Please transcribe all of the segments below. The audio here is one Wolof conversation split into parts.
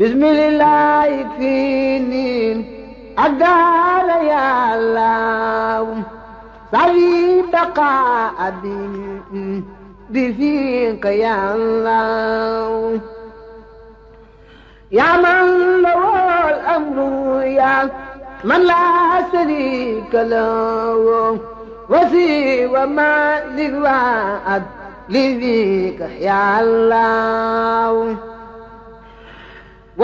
بسم الله يكفيني أقال يا الله صلي بقى أبي بفيق يا الله يا من له الأمر يا من لا شريك له وسيء ما للوعد لذيك يا الله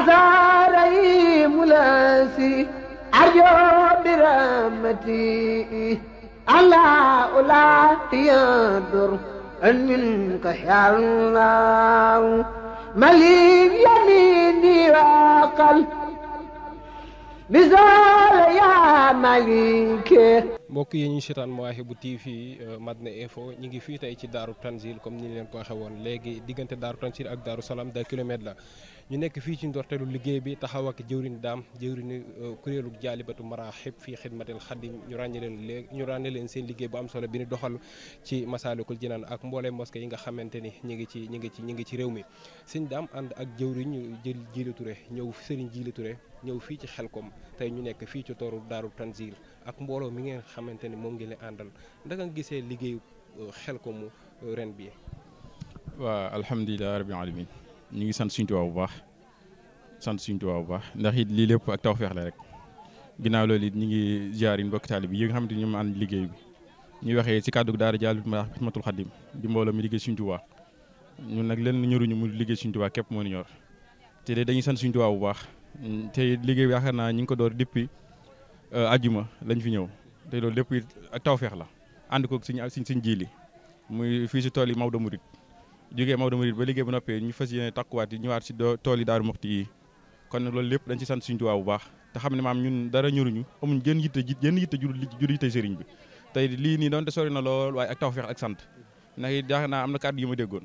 عزاري ملاسي أرجو برامتي ألا أولا تيادر أن منك يا الله مليم يميني وقل بزال يا مليك mbokk yi ñu seetaan Mawahibou TV euh, Madina Info ñu ngi fii tey ci daaru Tanzil comme ni leen ko waxee woon léegi diggante daaru Tanzil ak daaru Salaam da kilomètre la ñu nekk fii ci ndorteelu liggéey bi taxaw ak jëwriñ daam jëwriñu euh, kuréelu jaalibatu maraaxib fii xidmatil xadim ñu ràññee leen léegi ñu ràññee leen seen liggéey bu am solo bi ñu doxal ci masaalikul jinaan ak mboolee mosquée yi nga xamante ni ñu ngi ci ñu ngi ci ñu ngi ci réew mi sëñ daam ànd ak jëwriñu jël Jili Touré ñëw seen Jili Touré ñëw fii ci Xelkom tey ñu nekk fii ci tooru daaru Tanzil ak mbooloo mi ngeen xamante ni moom ngi leen àndal ndaka nga gisee euh, ko mu euh, ren bi waa alhamdulilah rabbil alamin ñu ngi sant suñu bu baax sant suñu Tuubaa bu baax ndax it lii lépp ak tawfeex la rek ginnaaw loolu it ñu ngi ziar yu mbokk taalibe yi nga xamante ni ñoom ànd liggéey bi ñuy waxee ci kàddu daara jaal bi ma xidmatul xadim di mbooloo mi liggéey suñu Tuubaa ñun nag leen ñoruñu mu liggéey suñu Tuubaa képp moo ñu ñor te de dañuy sant suñu Tuubaa bu baax te liggéey bi yaakaar naa ñu ngi ko door depuis ajjuma euh, lañu fi ñëw te loolu lépp it ak tawfeex la ànd koog suñu suñ suñ jiili muy fii si tool yi Maodo Mouride jógee Maodo Mouride ba liggéey ba noppee ñu fas yéene takkuwaat yi ñëwaat si tool yi Daaru Muxti yi kon loolu lépp dañ ci sant suñu Tuubaa bu baax te xam ne maam ñun dara ñuruñu amuñ jën yitte ji jën yitte jur jur yitte sëriñ bi tey lii nii doonte sori na lool waaye ak tawfeex ak sant ndax it yaakaar am na kàddu yi ma déggoon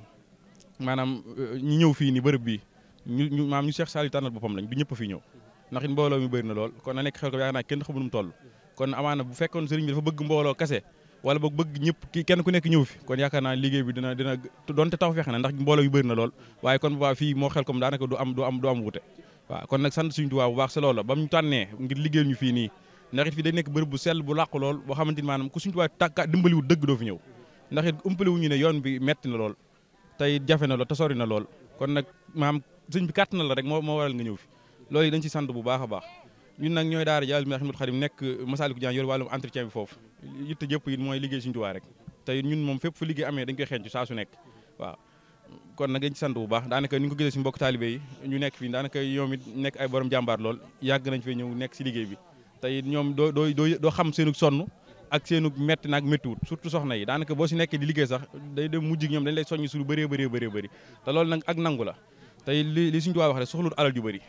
maanaam euh, ñi ñëw fii ni bërëb bi ñu maam ñu Seex Saaliw tànnal boppam lañ du ñëpp fi ñëw ndax it mbooloo mi bëri na lool kon na nekk xew ko yaakaar naa kenn xamu nu mu toll kon amaana bu fekkoon sëriñ bi dafa bëgg mbooloo kase wala boog bëgg ñëpp ki kenn ku nekk ñëw fi kon yaakaar naa liggéey bi dina dina donte taw fexe na ndax mbooloo yu bëri na lool waaye kon bubaa fii moo xel comme daanaka du am du am du am wute waaw kon nag sant suñu Tuubaa bu baax sa loola ba mu tànnee ngir liggéeyal ñu fii nii ndax it fii day nekk bërëb bu sell bu làqu lool boo xamante ni maanaam ku suñu Tuubaa tàkka dimbaliwu dëgg doo fi ñëw ndax it umpaliwu ñu ne yoon bi metti na lool tey jafe na lool te sori na lool kon nag maam sëñ bi kàtt na la rek moo moo waral nga ñëw fi loolu yi dañ ci sant bu baax a baax ñun nag ñooy daara ji Al-Minane Khidmatul Khadim nekk Masaalikul Jinaan yor wàllum entretien bi foofu yitte jëpp it mooy liggéey Sëriñ Tuubaa rek te ñun moom fépp fu amee dañ koy xencu saa su nekk waaw kon nag dañ sant bu baax daanaka ni ñu ko si mbokk taalibé ñu nekk fii daanaka ñoom it nekk ay borom jàmbaar lool yàgg nañ nekk si liggéey bi te it ñoom doo doo doo xam seenu sonn ak seenu metti naag méttiwut surtout soxna yi daanaka boo si nekkee di liggéey sax day dem mujj ñoom dañ lay soññ su bëree bëree bëree bëree bëri te loolu nag ak nangu la te li li suñ Tuubaa wax rek soxlut alal ju bëri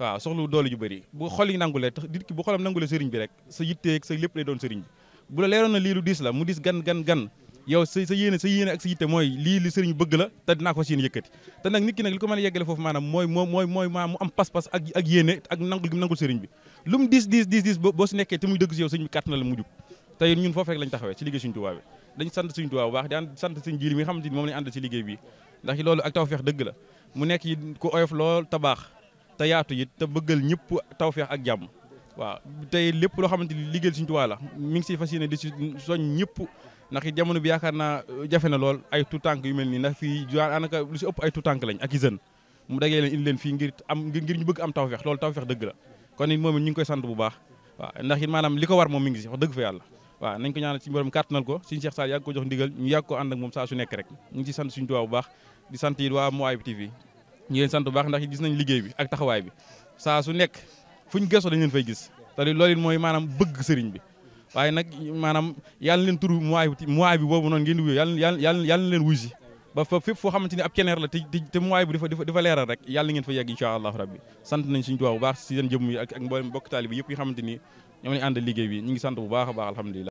waaw soxlu doole ju bëri bu xol yi nangule tax nit ki bu xolam nangule sëriñ bi rek sa yitteeg sa lépp lay doon sëriñ bi bu la leeroon na lii lu diis la mu diis gan gan gan yow sa yéene sa yéene ak sa yitte mooy lii li sëriñ bëgg la te dinaa ko fas yéene yëkkati te a yeggale foofu maanaam moo mooy mooy maa mu am pas-pas ak ak yéene ak nangul gi dëgg si yow sëriñ bi kàttan la mu jug tey ñun foofu rek lañ taxawee ci liggéey suñu Tuubaa bi dañ sant suñu Tuubaa bu baax sant suñu jiir mi nga xamante moom lañ ànd te yaatu yi te bëggal ñëpp tawfiix ak jamm waaw tay lepp lo xamanteni ni liggéeyal tuwa la mi ngi ci fasiyene di soñ ñëpp ndax jamono bi yaakaar naa euh, jafe na lool ay tuutànk yu melni nak fi fii anaka lu ci upp ay tuutànk lañ ak i mu dagge leen indi leen fi ngir am ngir ñu bëgg am tawfiix lol tawfiix deug la kon ni momi ñu ngi koy sant bu baax waaw nak it maanaam li war mom mi ngi ci wax deug fa yalla waaw nañ ko ñaanal ci borom kàttanal ko Sëriñ Cheikh Sall yàgg ko jox ndigal ñu yàgg ko ak mom sa su nekk rek ñu ci sant Sëriñ tuwa bu baax di sant it waa Mawahibou TV ñu leen sant bu baax ndax gis nañ liggéey bi ak taxawaay bi saa su nekk fuñ gëstoo dañ leen fay gis te loolu mooy maanaam bëgg sëriñ bi waaye nag maanaam yàlla leen turu muwaay bi muwaay bi boobu noonu ngeen di wuyu yàlla yàlla yàlla leen wuy si ba fa fépp foo xamante ab ceneer la te te muwaay bi dafa dafa leeral rek yàlla ngeen fa yegg incha allahu rabbi sant nañ suñu tubaab bu baax si seen jëmm ak ak mboolem bokk yëpp yi xamante ni ñoom lañ ànd liggéey bi ñu ngi sant bu baax a baax alhamdulilah